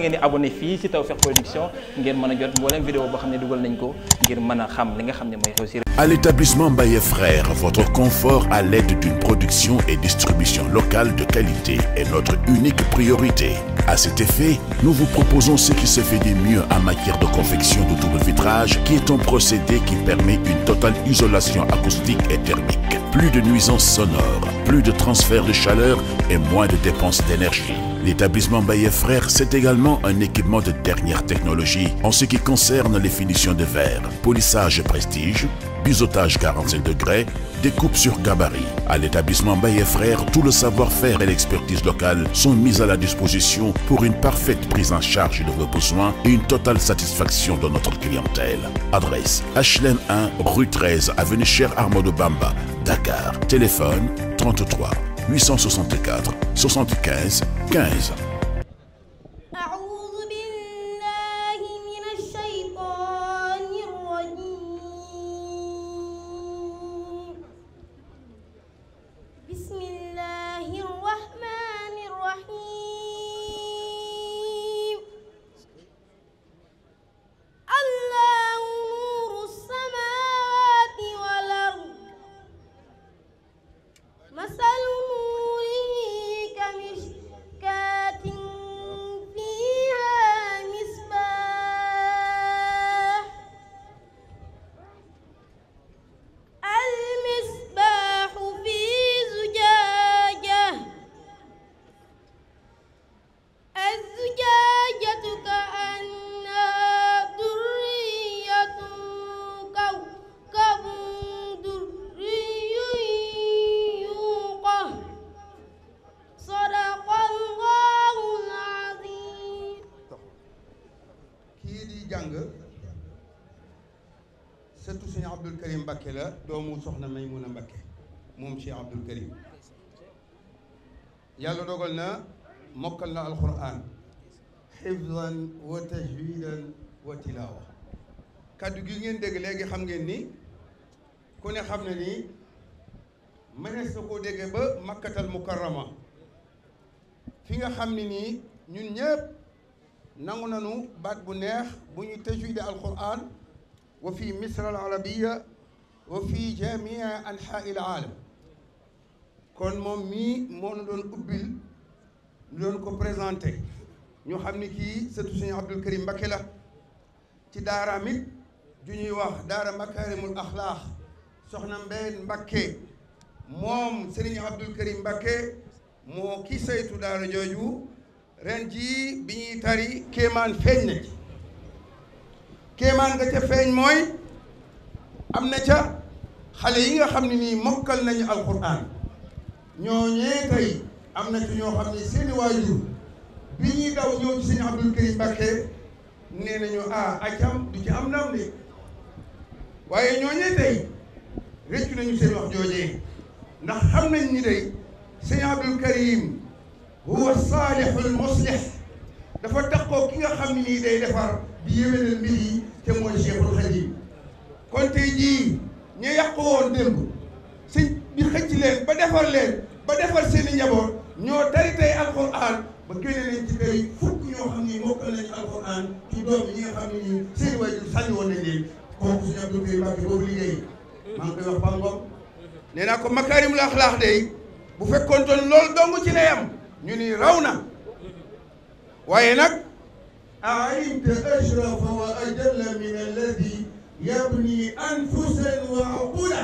ngeen di abonné fii ci a jot mboolem vidéo boo xam ne dugal nañ ko ngir a xam li nga xam ne mooy réussir. À l'établissement Baye Frères, votre confort à l'aide d'une production et distribution locale de qualité est notre unique priorité. À cet effet, nous vous proposons ce qui se fait de mieux en matière de confection de double vitrage, qui est un procédé qui permet une totale isolation acoustique et thermique. Plus de nuisances sonores plus de transfert de chaleur et moins de dépenses d'énergie. L'établissement Baye Frères, c'est également un équipement de dernière technologie en ce qui concerne les finitions de verre, polissage prestige, biseautage 45 degrés, découpe sur gabarit. À l'établissement Baye Frères, tout le savoir-faire et l'expertise locale sont mis à la disposition pour une parfaite prise en charge de vos besoins et une totale satisfaction de notre clientèle. Adresse HLM 1, rue 13, 33 864 75 15 Abdul Mbakke la doomu soxna Maymuna Mbakke moom Cheikh Abdul Karim yàlla dogal na mokkal na alquran xifdan wa tajwidan wa tilaawa kàddu gi ngeen dégg léegi xam ngeen ni ku ne xam ne ni mënees sa koo déggee ba makkatal mukarrama fi nga xam ne nii ñun ñëpp nangu nanu baat bu neex bu ñu tajwide alquran wa fi misr al arabia wa fi jamia anhaai alam kon moom mii moo nu doon ubbil ñu doon ko présenté ñu xam ni kii sëtu suñu Abdul Karim Mbakke la ci daaraam it ju ñuy wax daara makaarimul axlaax soxna Mbeen Mbakke moom sëriñ Abdul Karim Mbakke moo ki saytu daara jooju ren jii bi ñuy tari kéemaan feeñ na kéemaan nga ca feeñ mooy am na ca xale yi nga xam ne nii mokkal nañu alxuraan ñooñee tey am na ci ñoo xam ne seeni waajur bi ñuy daw ñëw ci sëñ Abdul Karim Mbàkke nee nañu ah acam du ci am ndam de waaye ñooñee tey rëccu nañu seen wax joojee ndax xam nañ ni day sëñ Abdul Karim huwa saalihul muslih dafa taxoo ki nga xam ne nii day defar di yéwénal mbir yi te mooy Cheikhul Khadim kon tey jii ñu yàq démb sëñ bi xëcc leen ba defar leen ba defar seeni njaboot ñoo tari tey alxuraan ba génne ne naa ko makaarimul axlaax day bu fekkoon toon loolu dong ci lay am ñu ni raw na waaye nag alimta ashrafa wa ajalla min alladi yabni anfusan wa aqula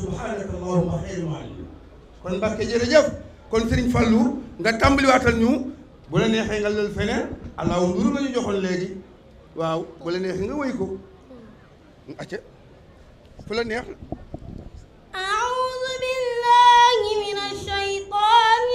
subhanaka allahuma xeyr muallim kon Mbàkke jërëjëf kon Serigne Fallou nga tàmbaliwaatal ñu bu la neexee nga lël feneen allahu nuru nga ñu joxoon léegi waaw bu neexee nga wéy ko acca fu la neex أعوذ بالله من الشيطان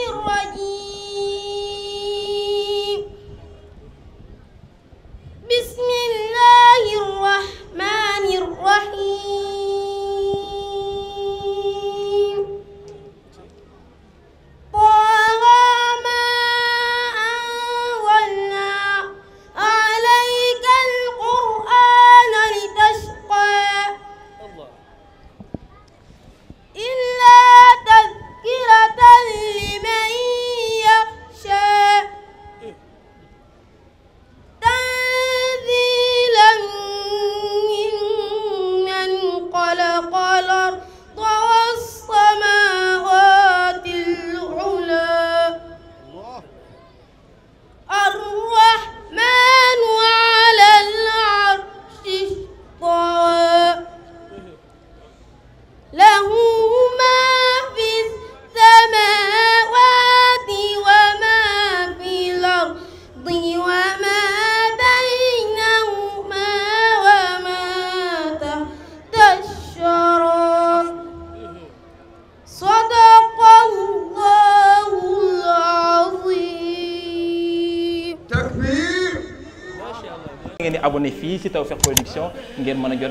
ngeen di abonné fii ci Tawfekh a jot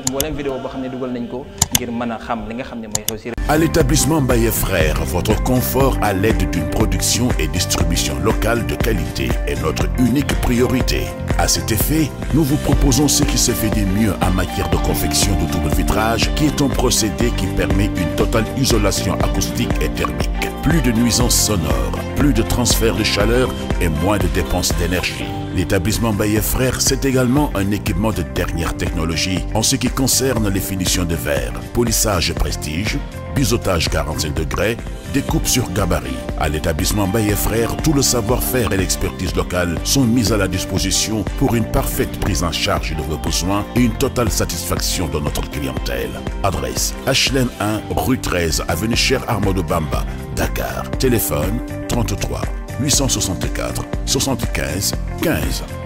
mboolem boo xam ne dugal nañ ko ngir mën a xam li nga xam ne mooy réussir. À l'établissement Mbaye Frères, votre confort à l'aide d'une production et distribution locale de qualité est notre unique priorité. À cet effet, nous vous proposons ce qui se fait de mieux en matière de confection de double vitrage, qui est un procédé qui permet une totale isolation acoustique et thermique. Plus de nuisances sonores plus de transfert de chaleur et moins de dépenses d'énergie. L'établissement Baye Frères, c'est également un équipement de dernière technologie en ce qui concerne les finitions de verre, polissage prestige, biseautage 45 degrés, découpe sur gabarit. À l'établissement Baye Frères, tout le savoir-faire et l'expertise locale sont mis à la disposition pour une parfaite prise en charge de vos besoins et une totale satisfaction de notre clientèle. Adresse HLM 1, 33 864 75 15